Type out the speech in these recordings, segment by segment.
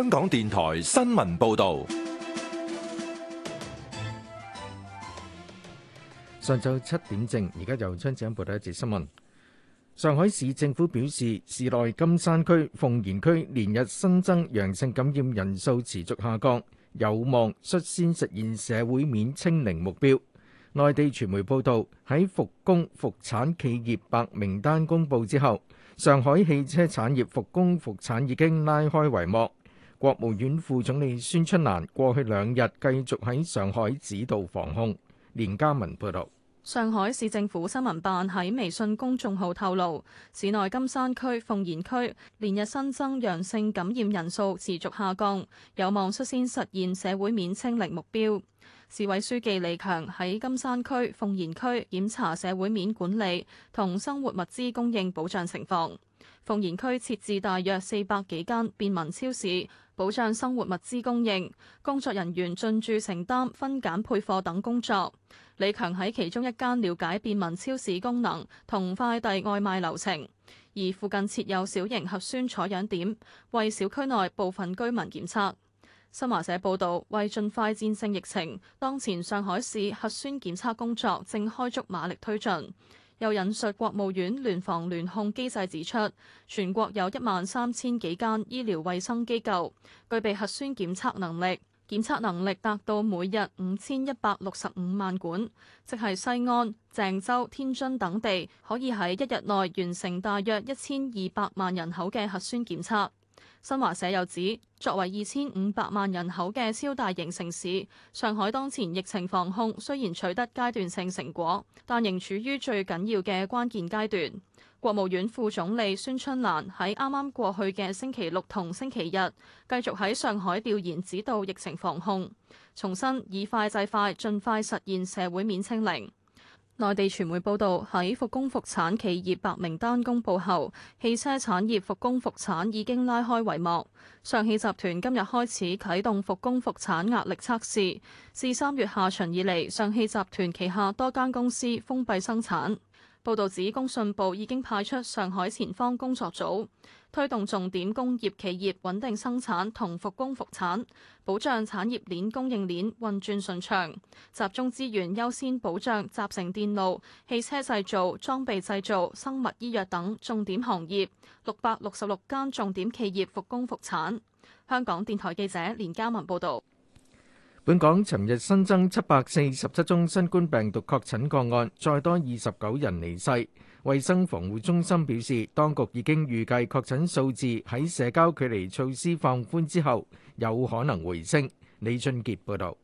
香港電台新聞報道，上晝七點正，而家由張子欣報道一節新聞。上海市政府表示，市內金山區、奉賢區連日新增陽性感染人數持續下降，有望率先實現社會面清零目標。內地傳媒報道，喺復工復產企業白名單公布之後，上海汽車產業復工復產已經拉開帷幕。國務院副總理孫春蘭過去兩日繼續喺上海指導防控。連家文報道，上海市政府新聞辦喺微信公眾號透露，市內金山區、奉賢區連日新增陽性感染人數持續下降，有望率先實現社會面清零目標。市委書記李強喺金山區、奉賢區檢查社會面管理同生活物資供應保障情況。奉賢區設置大約四百幾間便民超市，保障生活物資供應。工作人員進駐承擔分揀、配貨等工作。李強喺其中一間了解便民超市功能同快遞外賣流程，而附近設有小型核酸採樣點，為小區內部分居民檢測。新華社報道，為盡快戰勝疫情，當前上海市核酸檢測工作正開足馬力推進。又引述國務院聯防聯控機制指出，全國有一萬三千幾間醫療衛生機構，具備核酸檢測能力，檢測能力達到每日五千一百六十五萬管，即係西安、鄭州、天津等地可以喺一日內完成大約一千二百萬人口嘅核酸檢測。新華社又指，作為二千五百萬人口嘅超大型城市，上海當前疫情防控雖然取得階段性成果，但仍處於最緊要嘅關鍵階段。國務院副總理孫春蘭喺啱啱過去嘅星期六同星期日，繼續喺上海調研指導疫情防控，重申以快制快，盡快實現社會面清零。內地傳媒報導，喺復工復產企業白名單公佈後，汽車產業復工復產已經拉開帷幕。上汽集團今日開始啟動復工復產壓力測試，自三月下旬以嚟，上汽集團旗下多間公司封閉生產。報道指，工信部已經派出上海前方工作組，推動重點工業企業穩定生產同復工復產，保障產業鏈供應鏈運轉順暢，Happ. 集中資源優先保障集成電路、汽車製造、裝備製造、生物醫藥等重點行業。六百六十六間重點企業復工復產。香港電台記者連嘉文報道。本港尋日新增七百四十七宗新冠病毒確診個案，再多二十九人離世。衛生防護中心表示，當局已經預計確診數字喺社交距離措施放寬之後有可能回升。李俊傑報導。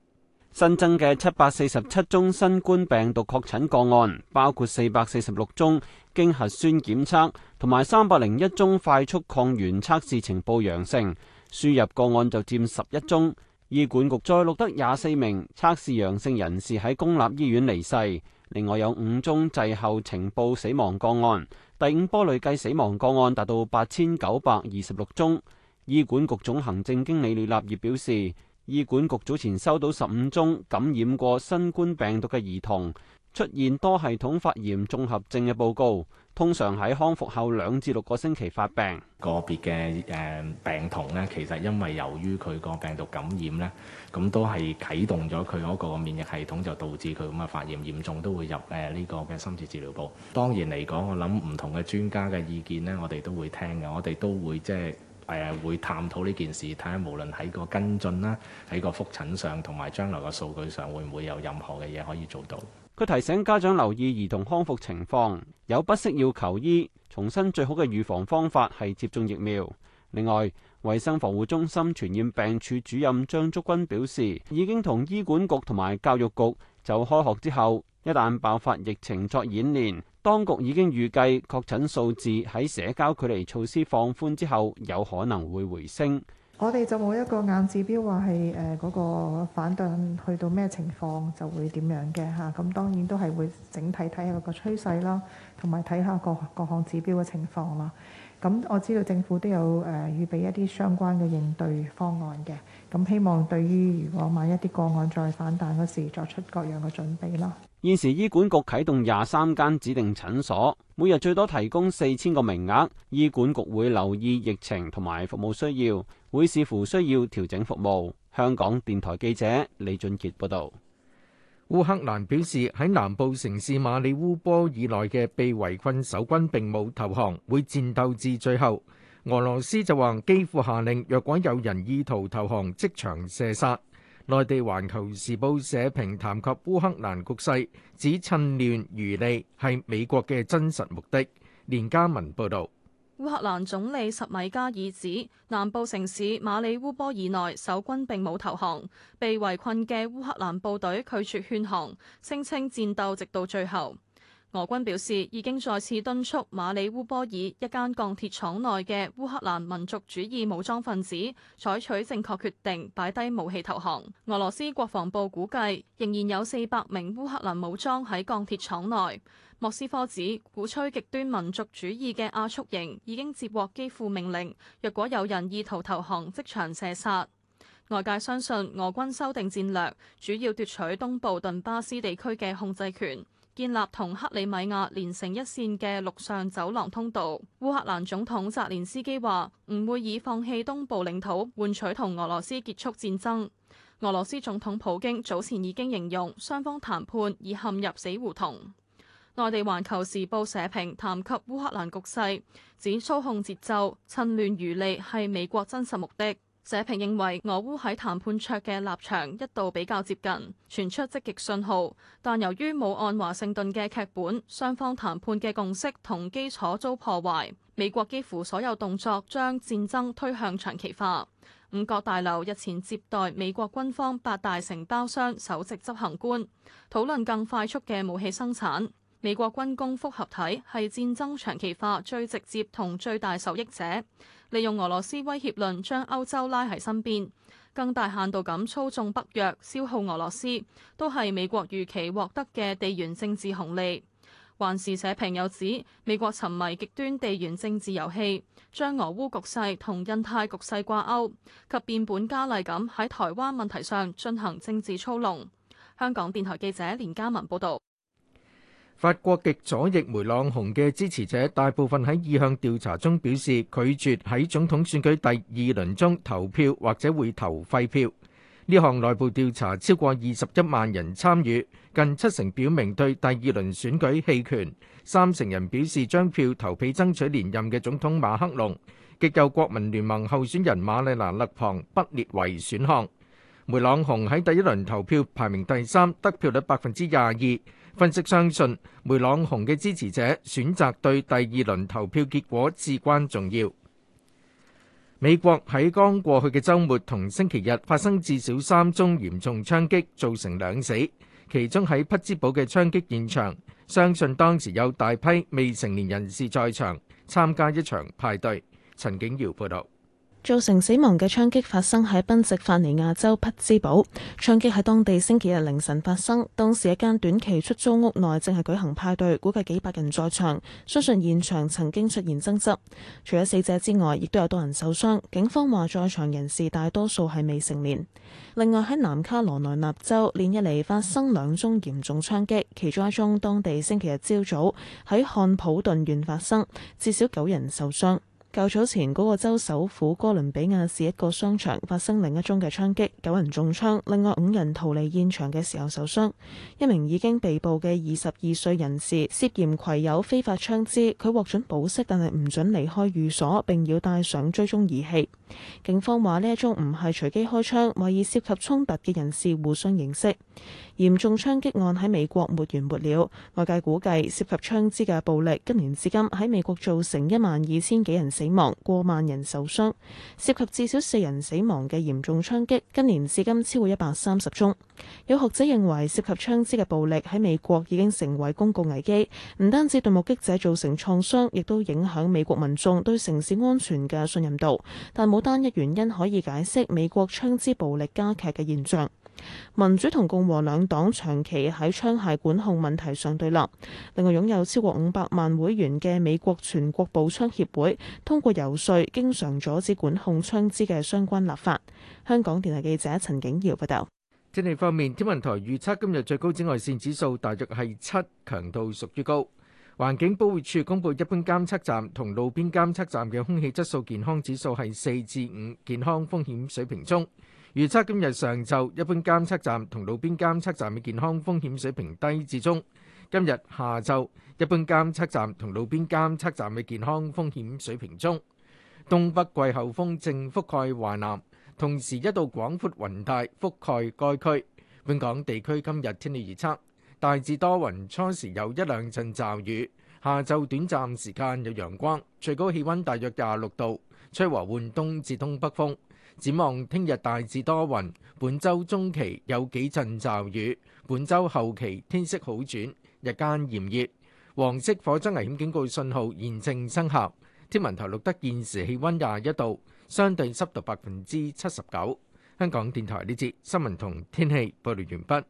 新增嘅七百四十七宗新冠病毒確診個案，包括四百四十六宗經核酸檢測同埋三百零一宗快速抗原測試呈報陽性，輸入個案就佔十一宗。醫管局再錄得廿四名測試陽性人士喺公立醫院離世，另外有五宗滯後呈報死亡個案，第五波累計死亡個案達到八千九百二十六宗。醫管局總行政經理李立業表示，醫管局早前收到十五宗感染過新冠病毒嘅兒童出現多系統發炎綜合症嘅報告。通常喺康復後兩至六個星期發病，個別嘅誒病童咧，其實因為由於佢個病毒感染咧，咁都係啟動咗佢嗰個免疫系統，就導致佢咁嘅發炎嚴重，都會入誒呢個嘅深切治療部。當然嚟講，我諗唔同嘅專家嘅意見咧，我哋都會聽嘅，我哋都會即係誒會探討呢件事，睇下無論喺個跟進啦，喺個覆診上，同埋將來個數據上，會唔會有任何嘅嘢可以做到。佢提醒家長留意兒童康復情況，有不適要求醫，重新最好嘅預防方法係接種疫苗。另外，衞生防護中心傳染病處主任張竹君表示，已經同醫管局同埋教育局就開學之後，一旦爆發疫情作演練。當局已經預計確診數字喺社交距離措施放寬之後有可能會回升。我哋就冇一個硬指標話係誒嗰個反彈去到咩情況就會點樣嘅嚇，咁、啊、當然都係會整體睇下個趨勢啦，同埋睇下各各項指標嘅情況啦。咁我知道政府都有誒、呃、預備一啲相關嘅應對方案嘅，咁希望對於如果萬一啲個案再反彈嗰時，作出各樣嘅準備啦。現時醫管局啟動廿三間指定診所，每日最多提供四千個名額。醫管局會留意疫情同埋服務需要，會視乎需要調整服務。香港電台記者李俊傑報道。烏克蘭表示喺南部城市馬里烏波爾內嘅被圍困守軍並冇投降，會戰鬥至最後。俄羅斯就話基輔下令，若果有人意圖投降，即場射殺。內地《環球時報》社評談及烏克蘭局勢，指趁亂漁利係美國嘅真實目的。連家文報導，烏克蘭總理什米加爾指，南部城市馬里烏波爾內守軍並冇投降，被圍困嘅烏克蘭部隊拒絕勸降，聲稱戰鬥直到最後。俄軍表示已經再次敦促馬里烏波爾一間鋼鐵廠內嘅烏克蘭民族主義武裝分子採取正確決定，擺低武器投降。俄羅斯國防部估計仍然有四百名烏克蘭武裝喺鋼鐵廠內。莫斯科指鼓吹極端民族主義嘅亞速營已經接獲基輔命令，若果有人意圖投降即場射殺。外界相信俄軍修訂戰略，主要奪取東部頓巴斯地區嘅控制權。建立同克里米亞連成一線嘅陸上走廊通道。烏克蘭總統澤連斯基話：唔會以放棄東部領土換取同俄羅斯結束戰爭。俄羅斯總統普京早前已經形容雙方談判已陷入死胡同。內地《環球時報》社評談及烏克蘭局勢，指操控節奏、趁亂漁利係美國真實目的。社評認為俄烏喺談判桌嘅立場一度比較接近，傳出積極信號，但由於冇按華盛頓嘅劇本，雙方談判嘅共識同基礎遭破壞，美國幾乎所有動作將戰爭推向長期化。五角大樓日前接待美國軍方八大承包商首席執行官，討論更快速嘅武器生產。美國軍工複合體係戰爭長期化最直接同最大受益者，利用俄羅斯威脅論將歐洲拉喺身邊，更大限度咁操縱北約，消耗俄羅斯，都係美國預期獲得嘅地緣政治紅利。環時社評又指，美國沉迷極端地緣政治遊戲，將俄烏局勢同印太局勢掛鈎，及變本加厲咁喺台灣問題上進行政治操弄。香港電台記者連嘉文報道。法國極左翼梅朗雄嘅支持者大部分喺意向調查中表示拒絕喺總統選舉第二輪中投票，或者會投廢票。呢項內部調查超過二十一萬人參與，近七成表明對第二輪選舉棄權，三成人表示將票投俾爭取連任嘅總統馬克龍。極右國民聯盟候選人馬里娜勒旁不列為選項。梅朗雄喺第一輪投票排名第三，得票率百分之廿二。分析相信梅朗雄嘅支持者選擇對第二輪投票結果至關重要。美國喺剛過去嘅週末同星期日發生至少三宗嚴重槍擊，造成兩死，其中喺匹茲堡嘅槍擊現場，相信當時有大批未成年人士在場參加一場派對。陳景耀報道。造成死亡嘅槍擊發生喺賓夕法尼亞州匹茲堡，槍擊喺當地星期日凌晨發生，當時一間短期出租屋內正係舉行派對，估計幾百人在場，相信現場曾經出現爭執。除咗死者之外，亦都有多人受傷。警方話在場人士大多數係未成年。另外喺南卡羅來納州，連日嚟發生兩宗嚴重槍擊，其中一宗當地星期日朝早喺漢普頓縣發生，至少九人受傷。較早前嗰、那個州首府哥倫比亞市一個商場發生另一宗嘅槍擊，九人中槍，另外五人逃離現場嘅時候受傷。一名已經被捕嘅二十二歲人士涉嫌攜有非法槍支，佢獲准保釋，但係唔准離開寓所，並要帶上追蹤儀器。警方話呢一宗唔係隨機開槍，而係涉及衝突嘅人士互相認識。嚴重槍擊案喺美國沒完沒了，外界估計涉及槍支嘅暴力今年至今喺美國造成一萬二千幾人死。死亡，過萬人受傷，涉及至少四人死亡嘅嚴重槍擊，今年至今超過一百三十宗。有學者認為，涉及槍支嘅暴力喺美國已經成為公共危機，唔單止對目擊者造成創傷，亦都影響美國民眾對城市安全嘅信任度。但冇單一原因可以解釋美國槍支暴力加劇嘅現象。民主同共和兩黨長期喺槍械管控問題上對立。另外，擁有超過五百萬會員嘅美國全國步槍協會，通過游說，經常阻止管控槍支嘅相關立法。香港電台記者陳景耀報道。天氣方面，天文台預測今日最高紫外線指數大約係七，強度屬於高。環境保護署公布一般監測站同路邊監測站嘅空氣質素健康指數係四至五，健康風險水平中。預測今日上晝一般監測站同路邊監測站嘅健康風險水平低至中。今日下晝一般監測站同路邊監測站嘅健康風險水平中。東北季候風正覆蓋華南，同時一道廣闊雲帶覆蓋該區。本港地區今日天氣預測：大致多雲，初時有一兩陣驟雨，下晝短暫時間有陽光，最高氣温大約廿六度。吹和緩東至東北風，展望聽日大致多雲。本週中期有幾陣驟雨，本週後期天色好轉，日間炎熱。黃色火災危險警告信號現正生效。天文台錄得現時氣温廿一度，相對濕度百分之七十九。香港電台呢節新聞同天氣報料完畢。